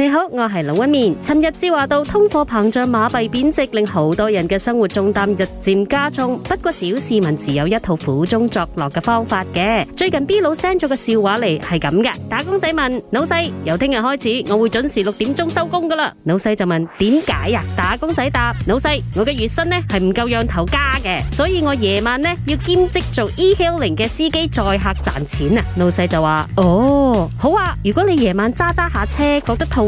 你好，我係老屈面。尋日，話到通貨膨脹、馬幣貶值，令好多人嘅生活重擔日漸加重。不過小市民只有一套苦中作樂嘅方法嘅。最近 B 佬 send 咗個笑話嚟，係咁嘅。打工仔問老細：由聽日開始，我會準時六點鐘收工噶啦。老細就問：點解呀？打工仔答：老細，我嘅月薪呢係唔夠養頭家嘅，所以我夜晚呢要兼職做 E-Hailing 嘅司機載客賺錢啊。老細就話：哦，好啊。如果你夜晚揸揸下車覺得肚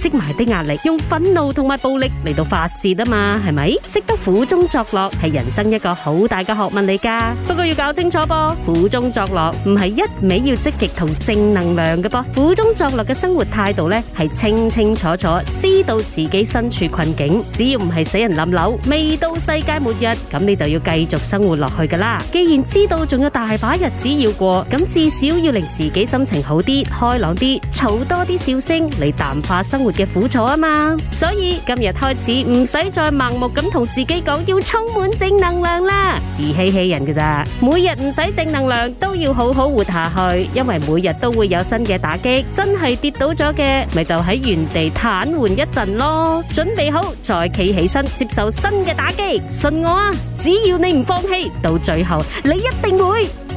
積埋啲壓力，用憤怒同埋暴力嚟到發泄啊嘛，係咪？識得苦中作樂係人生一個好大嘅學問嚟噶。不過要搞清楚噃，苦中作樂唔係一味要積極同正能量嘅噃。苦中作樂嘅生活態度咧，係清清楚楚知道自己身處困境。只要唔係死人冧樓，未到世界末日，咁你就要繼續生活落去噶啦。既然知道仲有大把日子要過，咁至少要令自己心情好啲、開朗啲，嘈多啲笑聲嚟淡化生活。嘅苦楚啊嘛，所以今日開始唔使再盲目咁同自己講，要充滿正能量啦，自欺欺人嘅咋。每日唔使正能量都要好好活下去，因為每日都會有新嘅打擊，真係跌倒咗嘅咪就喺原地癱瘓一陣咯，準備好再企起身接受新嘅打擊，信我啊！只要你唔放棄，到最後你一定會。